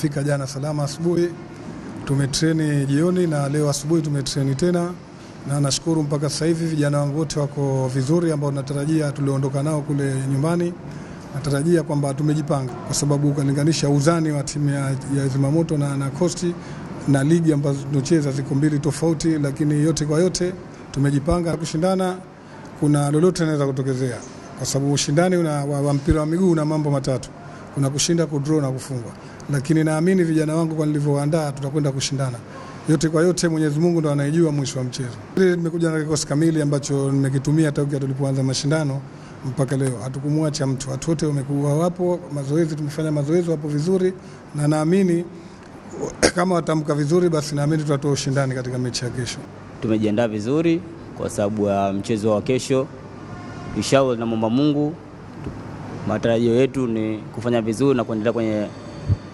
tumefika jana salama asubuhi, tumetreni jioni na leo asubuhi tumetreni tena, na nashukuru mpaka sasa hivi vijana wangu wote wako vizuri, ambao natarajia tuliondoka nao kule nyumbani. Natarajia kwamba tumejipanga, kwa sababu ukalinganisha uzani wa timu ya ya zimamoto na, na Coast na ligi ambazo tunacheza ziko mbili tofauti, lakini yote kwa yote tumejipanga na kushindana. Kuna lolote linaweza kutokezea, kwa sababu ushindani wa mpira wa miguu una mambo matatu kuna kushinda, kudraw na kufungwa, lakini naamini vijana wangu kwa nilivyoandaa, tutakwenda kushindana yote kwa yote. Mwenyezi Mungu ndo anayejua mwisho wa mchezo. Nimekuja na kikosi kamili ambacho nimekitumia tangu tulipoanza mashindano mpaka leo, hatukumwacha mtu. Watu wote wamekuwa wapo, mazoezi tumefanya mazoezi, wapo vizuri, na naamini kama watamka vizuri, basi naamini tutatoa ushindani katika mechi ya kesho. Tumejiandaa vizuri kwa sababu ya mchezo wa kesho, inshallah, na muomba Mungu matarajio yetu ni kufanya vizuri na kuendelea kwenye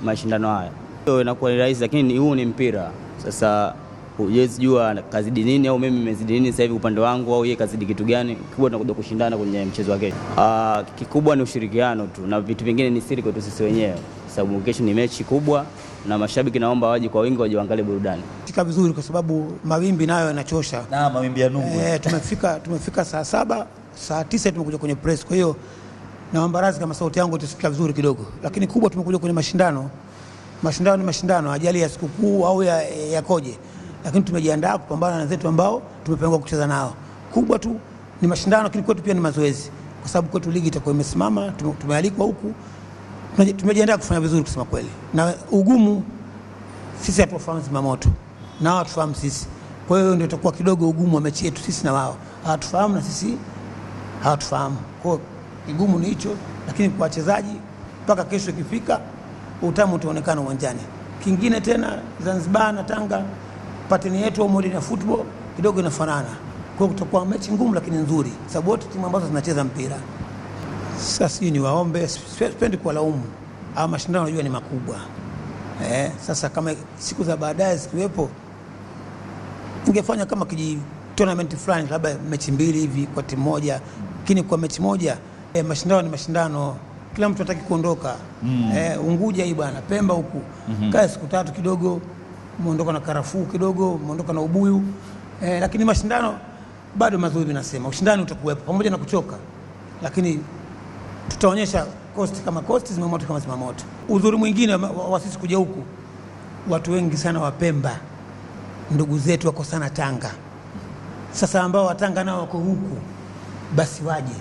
mashindano haya. Hiyo inakuwa ni rahisi, lakini huu ni mpira. Sasa huwezi jua kazidi nini au mimi nimezidi nini sasa hivi upande wangu au yeye kazidi kitu gani. Kikubwa tunakuja kushindana kwenye mchezo wa kesho. Ah, kikubwa ni ushirikiano tu na vitu vingine ni siri kwetu sisi wenyewe, sababu kesho ni mechi kubwa na mashabiki naomba waje kwa wingi waje waangalie burudani. Fika vizuri kwa sababu mawimbi nayo yanachosha. Na mawimbi ya nungu. Eh, tumefika tumefika saa saba, saa tisa tumekuja kwenye press. Kwa hiyo na wambarazi kama sauti yangu itasikika vizuri kidogo, lakini kubwa tumekuja kwenye mashindano. Mashindano ni mashindano, ajali ya sikukuu au ya, ya koje, lakini tumejiandaa kupambana na wenzetu ambao tumepangwa kucheza nao. Kubwa tu ni mashindano, lakini kwetu pia ni mazoezi, kwa sababu kwetu ligi itakuwa imesimama, tumealikwa huku, tumejiandaa kufanya vizuri kusema kweli, na ugumu sisi hatuwafahamu zimamoto na wao hatufahamu sisi. Kwa hiyo ndio itakuwa kidogo ugumu wa mechi yetu sisi na wao, hawatufahamu na sisi hawatufahamu. Kwa kigumu ni hicho, lakini kwa wachezaji mpaka kesho ikifika, utamu utaonekana uwanjani. Kingine tena, Zanzibar na Tanga pateni yetu au modern football kidogo inafanana, kwa hiyo kutakuwa mechi ngumu lakini nzuri, sababu wote timu ambazo zinacheza mpira. Sasa ni waombe, sipendi kuwalaumu, ama mashindano najua ni makubwa eh. Sasa kama siku za baadaye zikiwepo, ingefanya kama kiji tournament fulani, labda mechi mbili hivi kwa timu moja, lakini kwa mechi moja e, mashindano ni mashindano, kila mtu hataki kuondoka mm. E, Unguja hii bwana, Pemba huku mm -hmm. Kaa siku tatu kidogo, umeondoka na karafuu kidogo, umeondoka na ubuyu e, lakini mashindano bado mazuri, nasema ushindani utakuwepo pamoja na kuchoka, lakini tutaonyesha kosti kama kosti, zimamoto kama zimamoto. uzuri mwingine wa sisi kuja huku, watu wengi sana wa Pemba ndugu zetu wako sana Tanga. Sasa ambao Watanga nao wako huku, basi waje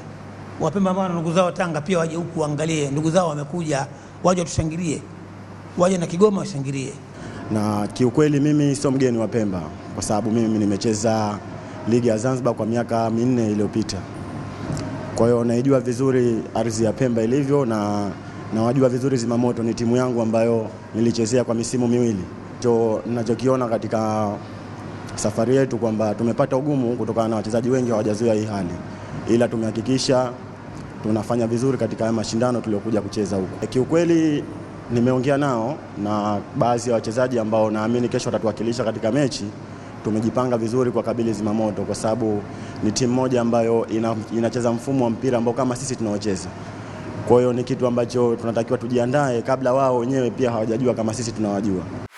Wapemba ambao na ndugu zao Tanga pia waje huku waangalie, ndugu zao wamekuja, waje watushangilie, waje na Kigoma washangilie. Na kiukweli mimi sio mgeni wa Pemba kwa sababu mimi nimecheza ligi ya Zanzibar kwa miaka minne iliyopita, kwa hiyo naijua vizuri ardhi ya Pemba ilivyo na nawajua vizuri Zimamoto, ni timu yangu ambayo nilichezea kwa misimu miwili. Ninachokiona katika safari yetu kwamba tumepata ugumu kutokana na wachezaji wengi hawajazoea hii hali, ila tumehakikisha tunafanya vizuri katika haya mashindano tuliyokuja kucheza huko. E, kiukweli nimeongea nao na baadhi ya wachezaji ambao naamini kesho watatuwakilisha katika mechi. Tumejipanga vizuri kwa kabili Zimamoto kwa sababu ni timu moja ambayo ina, inacheza mfumo wa mpira ambao kama sisi tunaocheza. Kwa hiyo ni kitu ambacho tunatakiwa tujiandae kabla wao wenyewe pia hawajajua kama sisi tunawajua.